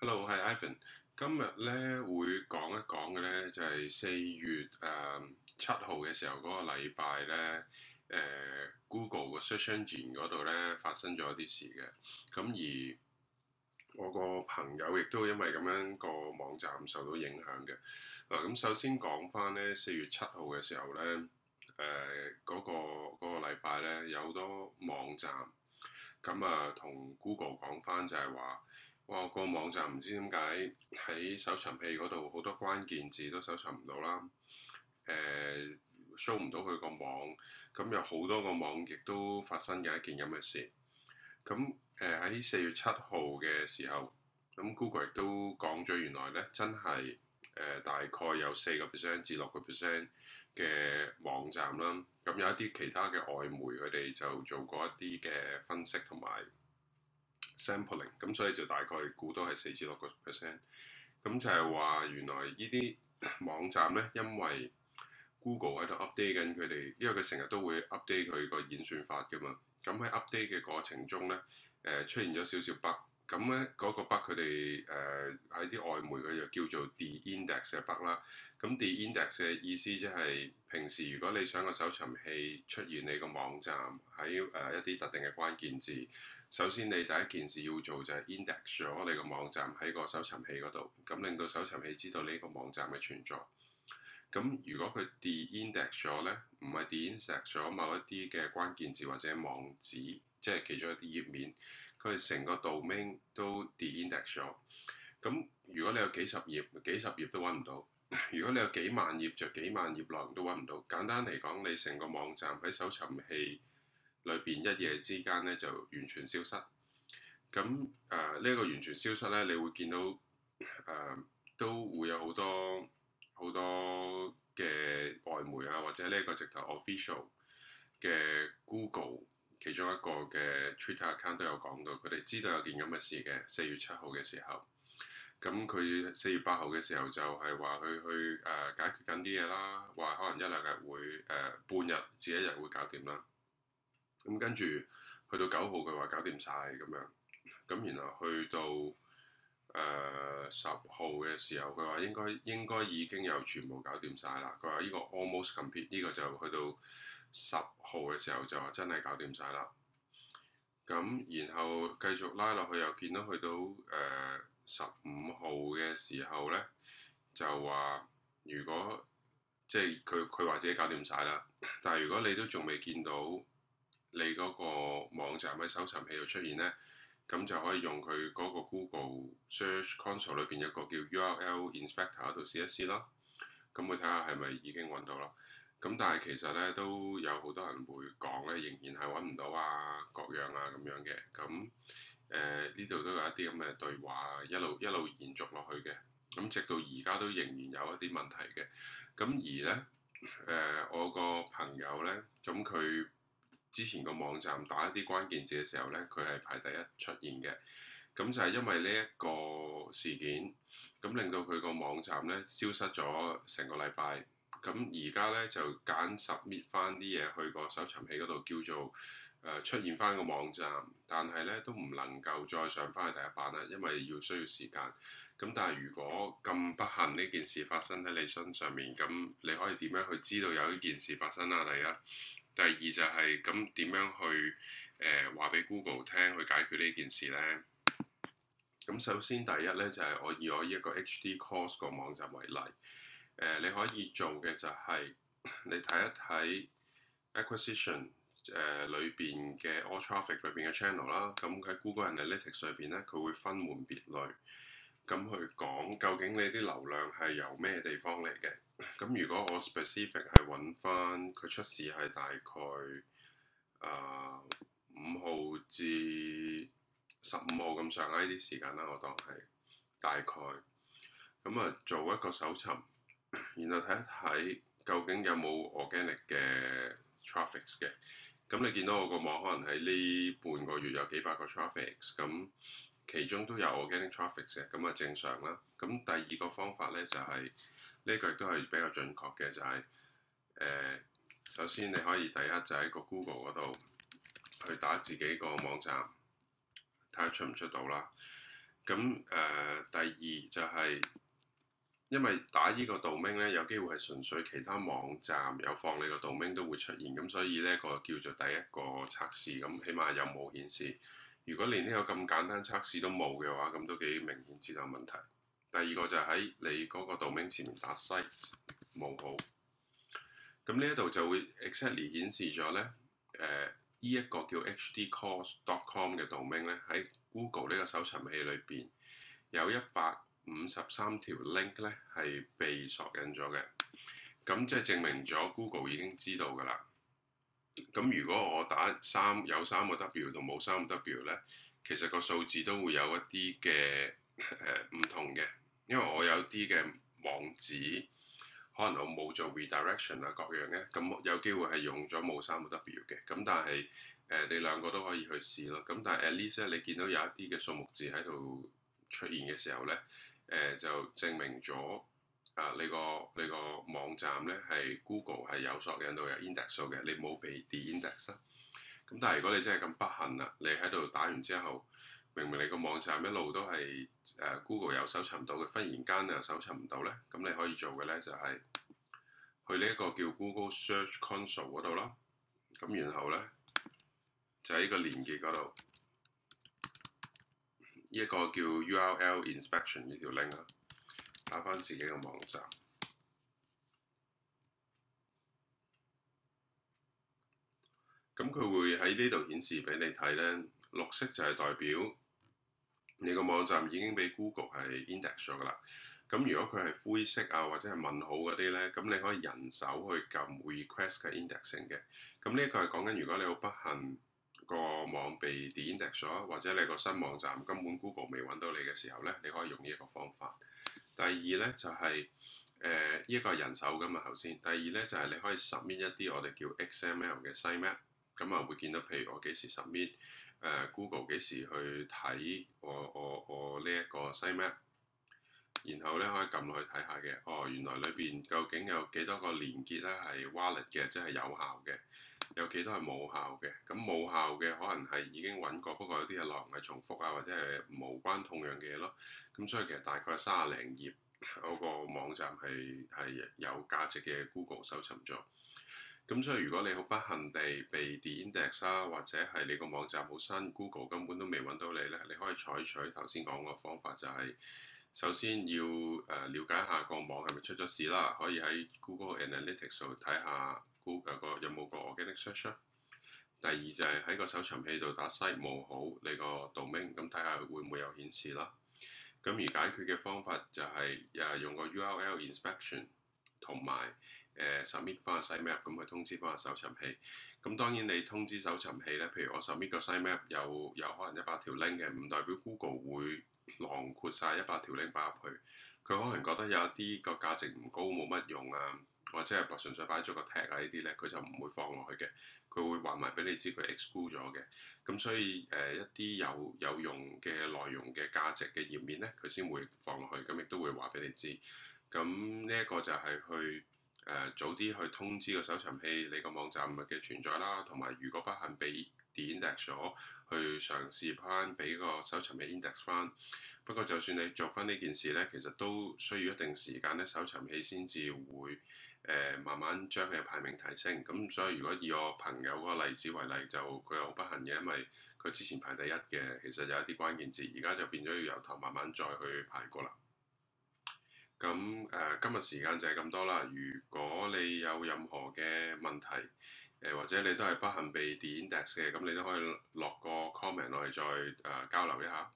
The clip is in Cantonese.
Hello，係 Ivan 今。今日咧會講一講嘅咧就係、是、四月誒七號嘅時候嗰個禮拜咧，誒、呃、Google 個 search engine 嗰度咧發生咗一啲事嘅。咁而我個朋友亦都因為咁樣、那個網站受到影響嘅。嗱，咁首先講翻咧四月七號嘅時候咧，誒、呃、嗰、那個嗰、那個禮拜咧有好多網站咁啊，同 Google 講翻就係話。哇！個網站唔知點解喺搜尋器嗰度好多關鍵字都搜尋唔到啦，誒 show 唔到佢個網，咁有好多個網亦都發生嘅一件咁嘅事。咁誒喺四月七號嘅時候，咁 Google 亦都講咗原來咧真係誒、呃、大概有四個 percent 至六個 percent 嘅網站啦。咁有一啲其他嘅外媒佢哋就做過一啲嘅分析同埋。Sampling 咁，Sam pling, 所以就大概估都係四至六個 percent。咁就係話原來呢啲網站咧，因為 Google 喺度 update 緊佢哋，因為佢成日都會 update 佢個演算法噶嘛。咁喺 update 嘅過程中咧，誒、呃、出現咗少少 bug。咁咧，嗰個 bug 佢哋，誒喺啲外媒，佢就叫做 de-index 嘅 bug 啦。咁 de-index 嘅意思即係平時如果你想個搜尋器出現你個網站喺誒一啲特定嘅關鍵字，首先你第一件事要做就係 index 咗你個網站喺個搜尋器嗰度，咁令到搜尋器知道你個網站嘅存在。咁如果佢 de-index 咗咧，唔係 de-index 咗某一啲嘅關鍵字或者網址，即係其中一啲頁面。佢哋成個 domain 都 deindex 咗，咁如果你有幾十頁、幾十頁都揾唔到；如果你有幾萬頁，就幾萬頁內容都揾唔到。簡單嚟講，你成個網站喺搜尋器裏邊一夜之間咧就完全消失。咁誒呢個完全消失呢，你會見到誒、呃、都會有好多好多嘅外媒啊，或者呢個直頭 official 嘅 Google。其中一個嘅 Twitter account 都有講到，佢哋知道有件咁嘅事嘅。四月七號嘅時候，咁佢四月八號嘅時候就係話佢去誒解決緊啲嘢啦，話可能一兩日會誒、呃、半日至一日會搞掂啦。咁跟住去到九號佢話搞掂晒。咁樣，咁然後去到誒十、呃、號嘅時候佢話應該應該已經有全部搞掂晒啦。佢話呢個 almost complete，呢個就去到。十號嘅時候就話真係搞掂晒啦，咁然後繼續拉落去，又見到去到誒十五號嘅時候呢，就話如果即係佢，佢話自己搞掂晒啦，但係如果你都仲未見到你嗰個網站喺搜尋器度出現呢，咁就可以用佢嗰個 Google Search Console 裏邊一個叫 URL Inspector 嗰度試一試啦，咁佢睇下係咪已經揾到啦。咁但係其實咧都有好多人會講咧，仍然係揾唔到啊，各樣啊咁樣嘅。咁誒呢度都有一啲咁嘅對話，一路一路延續落去嘅。咁直到而家都仍然有一啲問題嘅。咁而咧誒、呃、我個朋友咧，咁佢之前個網站打一啲關鍵字嘅時候咧，佢係排第一出現嘅。咁就係因為呢一個事件，咁令到佢個網站咧消失咗成個禮拜。咁而家咧就 Submit 翻啲嘢去個搜尋器嗰度，叫做誒、呃、出現翻個網站，但係咧都唔能夠再上翻去第一版啦，因為要需要時間。咁但係如果咁不幸呢件事發生喺你身上面，咁你可以點樣去知道有呢件事發生啊？第一，第二就係咁點樣去誒話、呃、俾 Google 聽去解決呢件事咧？咁首先第一咧就係、是、我以我呢一個 HD Course 個網站為例。誒、呃、你可以做嘅就係、是、你睇一睇 acquisition 誒裏邊嘅 all traffic 裏邊嘅 channel 啦，咁喺 Google Analytics 上邊咧，佢會分門別類咁去講究竟你啲流量係由咩地方嚟嘅。咁如果我 specific 係揾翻佢出事係大概誒五、呃、號至十五號咁上下呢啲時間啦，我當係大概咁啊，就做一個搜尋。然後睇一睇究竟有冇 organic 嘅 traffics 嘅，咁你見到我個網可能喺呢半個月有幾百個 traffics，咁其中都有 organic traffic 嘅，咁啊正常啦。咁第二個方法咧就係呢個亦都係比較準確嘅，就係、是、誒、呃、首先你可以第一就喺、是、個 Google 嗰度去打自己個網站，睇下出唔出到啦。咁誒、呃、第二就係、是。因為打呢個 domain 咧，有機會係純粹其他網站有放你個 domain 都會出現，咁所以呢個叫做第一個測試，咁起碼有冇顯示？如果連呢個咁簡單測試都冇嘅話，咁都幾明顯接出問題。第二個就喺你嗰個 domain 前面打 site 冇好，咁呢一度就會 exactly 顯示咗、呃這個、呢，誒依一個叫 hdcourse.com 嘅 domain 咧喺 Google 呢個搜尋器裏邊有一百五十三條 link 咧係被索引咗嘅，咁即係證明咗 Google 已經知道㗎啦。咁如果我打三有三個 W 同冇三個 W 咧，其實個數字都會有一啲嘅誒唔同嘅，因為我有啲嘅網址可能我冇做 redirection 啊各樣嘅，咁有機會係用咗冇三個 W 嘅。咁但係誒、呃，你兩個都可以去試咯。咁但係 at least，你見到有一啲嘅數目字喺度出現嘅時候咧。誒、呃、就證明咗啊，呃，你個你個網站咧係 Google 係有索引到有 index 嘅，你冇被 deindex 啊。咁但係如果你真係咁不幸啦，你喺度打完之後，明明你個網站一路都係誒、呃、Google 有搜尋到嘅，忽然間又搜尋唔到咧，咁你可以做嘅咧就係、是、去呢一個叫 Google Search Console 嗰度咯。咁然後咧就喺個連結嗰度。依一個叫 URL Inspection 依條 link 啊，打返自己個網站。咁佢會喺呢度顯示俾你睇咧，綠色就係代表你個網站已經俾 Google 係 index 咗噶啦。咁如果佢係灰色啊，或者係問號嗰啲咧，咁你可以人手去撳 request 嘅 indexing 嘅。咁呢一個係講緊如果你好不幸。個網被 index 咗，或者你個新網站根本 Google 未揾到你嘅時候呢，你可以用呢一個方法。第二呢，就係誒呢一個人手咁啊，頭先。第二呢，就係、是、你可以 submit 一啲我哋叫 XML 嘅 sitemap，咁啊會見到譬如我幾時 submit，誒、呃、Google 幾時去睇我我我呢一個 sitemap，然後呢，可以撳落去睇下嘅。哦，原來裏邊究竟有幾多個連結呢？係 valid 嘅，即係有效嘅。有幾多係冇效嘅？咁冇效嘅可能係已經揾過，不過有啲係內容係重複啊，或者係無關痛癢嘅嘢咯。咁所以其實大概三廿零頁嗰個網站係係有價值嘅 Google 搜尋咗。咁所以如果你好不幸地被 Index 啊，或者係你個網站好新 Google 根本都未揾到你呢，你可以採取頭先講個方法、就是，就係首先要誒了解下個網係咪出咗事啦。可以喺 Google Analytics 度睇下。Google, 有有冇個 organic search 第二就係喺個搜尋器度打 site 冇好你個 domain，咁睇下會唔會有顯示啦。咁而解決嘅方法就係啊用個 URL inspection 同埋誒 submit 翻個 site map，咁去通知翻個搜尋器。咁當然你通知搜尋器咧，譬如我 submit 個 site map 有有可能一百條 link 嘅，唔代表 Google 會囊括晒一百條 link 擺入去。佢可能覺得有一啲個價值唔高，冇乜用啊。或者係純粹擺咗個 tag 啊呢啲咧，佢就唔會放落去嘅，佢會話埋俾你知佢 exclude 咗嘅。咁所以誒、呃、一啲有有用嘅內容嘅價值嘅頁面咧，佢先會放落去，咁亦都會話俾你知。咁呢一個就係去誒、呃、早啲去通知個搜尋器你個網站嘅存在啦，同埋如果不幸被 deindex 咗，去嘗試翻俾個搜尋器 index 翻。不過就算你做翻呢件事咧，其實都需要一定時間咧，搜尋器先至會。誒慢慢將佢嘅排名提升，咁所以如果以我朋友嗰個例子為例，就佢又不幸嘅，因為佢之前排第一嘅，其實有一啲關鍵字，而家就變咗要由頭慢慢再去排過啦。咁誒、呃，今日時間就係咁多啦。如果你有任何嘅問題，誒、呃、或者你都係不幸被點 dex 嘅，咁你都可以落個 comment 落去再，再、呃、誒交流一下。